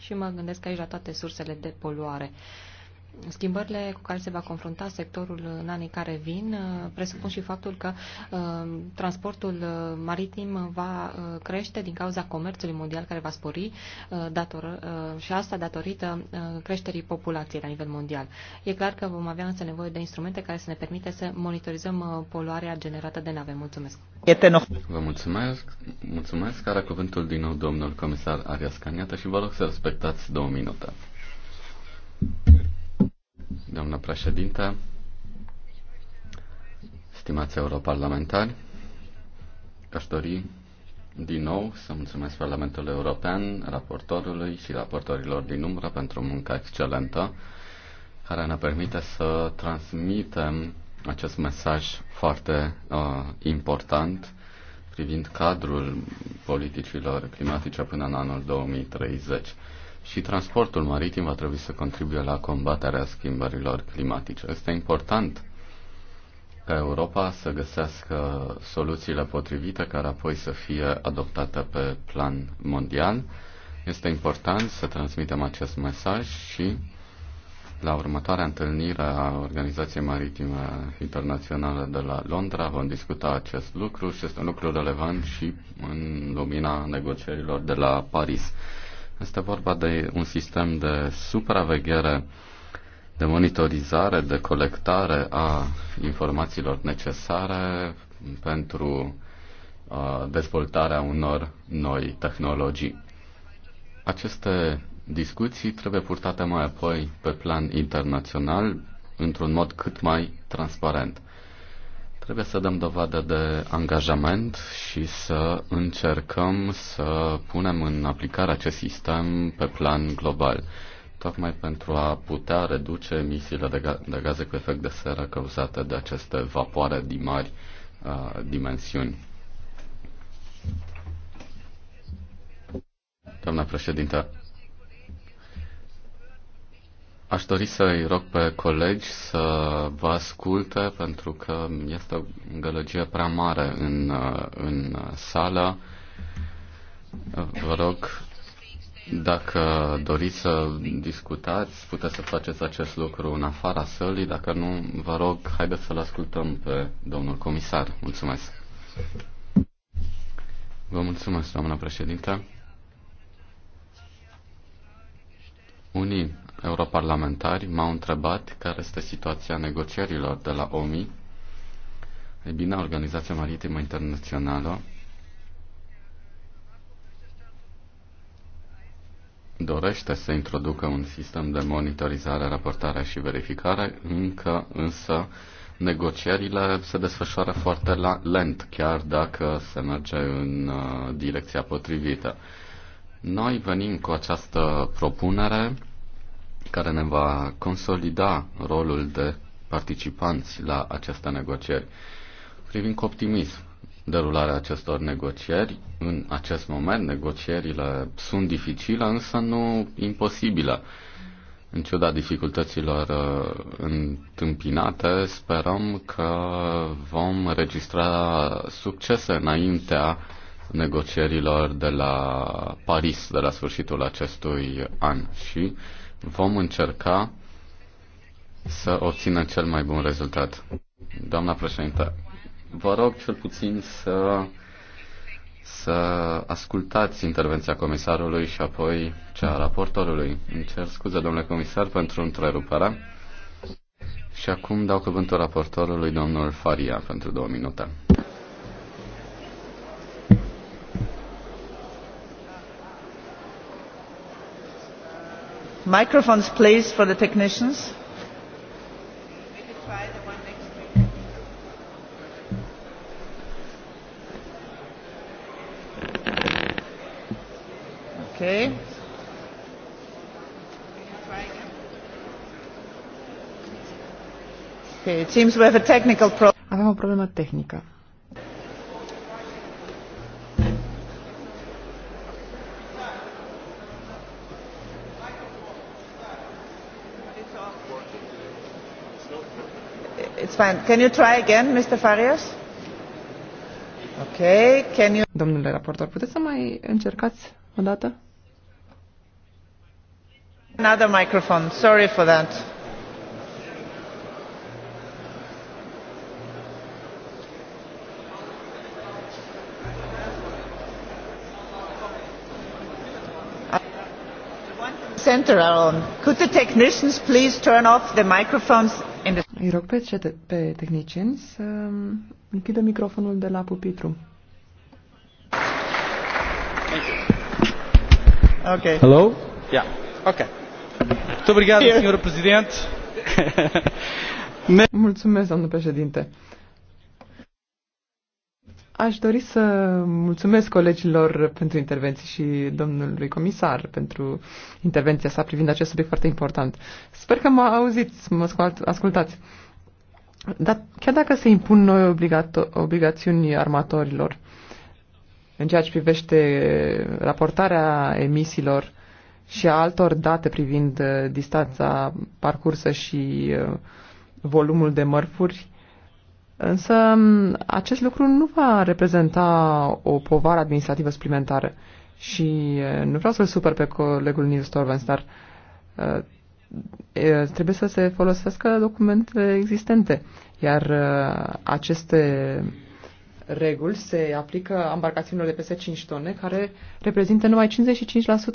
Și mă gândesc aici la toate sursele de poluare. Uh, Schimbările cu care se va confrunta sectorul în anii care vin uh, presupun și faptul că uh, transportul uh, maritim va crește din cauza comerțului mondial care va spori dator, și asta datorită creșterii populației la nivel mondial. E clar că vom avea însă nevoie de instrumente care să ne permite să monitorizăm poluarea generată de nave. Mulțumesc! Vă mulțumesc! Mulțumesc! Are cuvântul din nou domnul comisar Arias Caniata și vă rog să respectați două minute doamnă președintă, stimați europarlamentari, aș dori din nou să mulțumesc Parlamentului European, raportorului și raportorilor din umbră pentru munca excelentă care ne permite să transmitem acest mesaj foarte uh, important privind cadrul politicilor climatice până în anul 2030 și transportul maritim va trebui să contribuie la combaterea schimbărilor climatice. Este important ca Europa să găsească soluțiile potrivite care apoi să fie adoptate pe plan mondial. Este important să transmitem acest mesaj și la următoarea întâlnire a Organizației Maritime Internaționale de la Londra vom discuta acest lucru și este un lucru relevant și în lumina negocierilor de la Paris. Este vorba de un sistem de supraveghere, de monitorizare, de colectare a informațiilor necesare pentru uh, dezvoltarea unor noi tehnologii. Aceste discuții trebuie purtate mai apoi pe plan internațional într-un mod cât mai transparent. Trebuie să dăm dovadă de angajament și să încercăm să punem în aplicare acest sistem pe plan global, tocmai pentru a putea reduce emisiile de, ga- de gaze cu efect de seră cauzate de aceste vapoare din mari uh, dimensiuni. Doamna președinte, Aș dori să-i rog pe colegi să vă asculte pentru că este o gălăgie prea mare în, în sală. Vă rog, dacă doriți să discutați, puteți să faceți acest lucru în afara sălii. Dacă nu, vă rog, haideți să-l ascultăm pe domnul comisar. Mulțumesc. Vă mulțumesc, doamna președinte. Unii europarlamentari m-au întrebat care este situația negocierilor de la OMI. E bine, Organizația Maritimă Internațională dorește să introducă un sistem de monitorizare, raportare și verificare, încă însă negocierile se desfășoară foarte la, lent, chiar dacă se merge în uh, direcția potrivită. Noi venim cu această propunere care ne va consolida rolul de participanți la aceste negocieri. Privind cu optimism derularea acestor negocieri, în acest moment negocierile sunt dificile, însă nu imposibile. În ciuda dificultăților uh, întâmpinate, sperăm că vom registra succese înaintea negocierilor de la Paris, de la sfârșitul acestui an și vom încerca să obținem cel mai bun rezultat. Doamna președintă, vă rog cel puțin să, să ascultați intervenția comisarului și apoi cea a raportorului. Îmi cer scuze, domnule comisar, pentru întrerupere. Și acum dau cuvântul raportorului, domnul Faria, pentru două minute. microphones please for the technicians. Okay. Okay, it seems we have a technical problem. Avem o problemă tehnică. Domnule raportor, puteți să mai încercați o dată? Another microphone. Sorry for that. center on. Could the technicians please turn off the microphones in the îi rog pe, cete- pe tehnicieni să închidă microfonul de la pupitru. Ok. Hello? Yeah. Ok. Muito obrigado, Sr. Presidente. Mulțumesc, domnul președinte. Aș dori să mulțumesc colegilor pentru intervenții și domnului comisar pentru intervenția sa privind acest subiect foarte important. Sper că mă auziți, mă ascultați. Dar chiar dacă se impun noi obligațiuni armatorilor în ceea ce privește raportarea emisiilor și a altor date privind uh, distanța parcursă și uh, volumul de mărfuri, Însă acest lucru nu va reprezenta o povară administrativă suplimentară și nu vreau să-l super pe colegul Nils Torvens, dar trebuie să se folosească documentele existente, iar aceste reguli se aplică embarcațiunilor de peste 5 tone, care reprezintă numai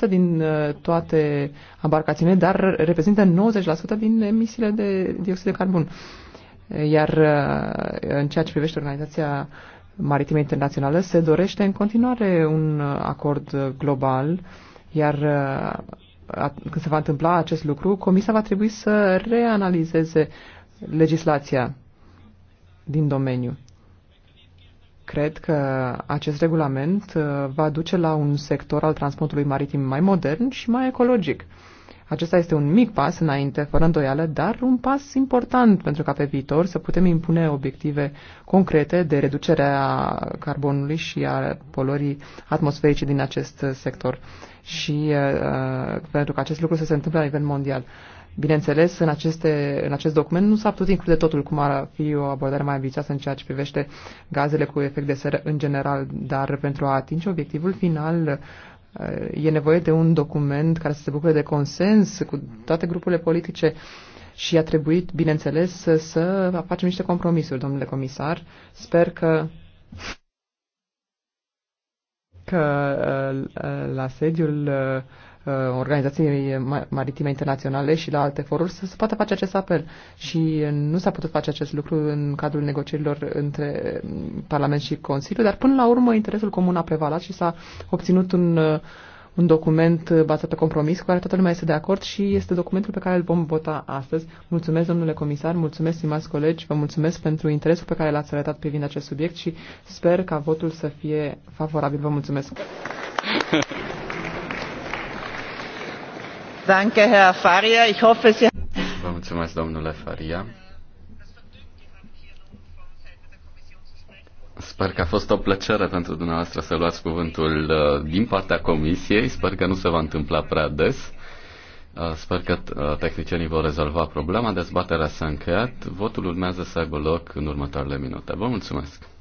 55% din toate embarcațiunile, dar reprezintă 90% din emisiile de dioxid de carbon. Uh, iar uh, în ceea ce privește Organizația Maritimă Internațională, se dorește în continuare un uh, acord global, iar uh, când se va întâmpla acest lucru, Comisia va trebui să reanalizeze legislația din domeniu. Cred că acest regulament va duce la un sector al transportului maritim mai modern și mai ecologic. Acesta este un mic pas înainte, fără îndoială, dar un pas important pentru ca pe viitor să putem impune obiective concrete de reducere a carbonului și a polorii atmosferice din acest sector și uh, uh pentru că acest lucru să se întâmple la nivel mondial. Bineînțeles, în, aceste, în acest document nu s-a putut include totul, cum ar fi o abordare mai ambițioasă în ceea ce privește gazele cu efect de seră în general, dar pentru a atinge obiectivul final e nevoie de un document care să se bucure de consens cu toate grupurile politice și a trebuit, bineînțeles, să, să facem niște compromisuri, domnule comisar. Sper că că uh, la sediul uh, Uh, organizației Maritime Internaționale și la alte foruri să se poată face acest apel. Și uh, nu s-a putut face acest lucru în cadrul negocierilor între mm, Parlament și Consiliu, dar până la urmă interesul comun a prevalat și s-a obținut un uh, un document bazat pe compromis cu care toată lumea este de acord și este documentul pe care îl vom vota astăzi. Mulțumesc, domnule comisar, mulțumesc, stimați colegi, vă mulțumesc pentru interesul pe care l-ați arătat privind acest subiect și sper ca votul să fie favorabil. Vă mulțumesc! Danke, Herr Faria. Ich hoffe, Sie... Vă mulțumesc, domnule Faria. Sper că a fost o plăcere pentru dumneavoastră să luați cuvântul uh, din partea comisiei. Sper că nu se va întâmpla prea des. Uh, sper că uh, tehnicienii vor rezolva problema. Dezbaterea s-a încheiat. Votul urmează să aibă loc în următoarele minute. Vă mulțumesc!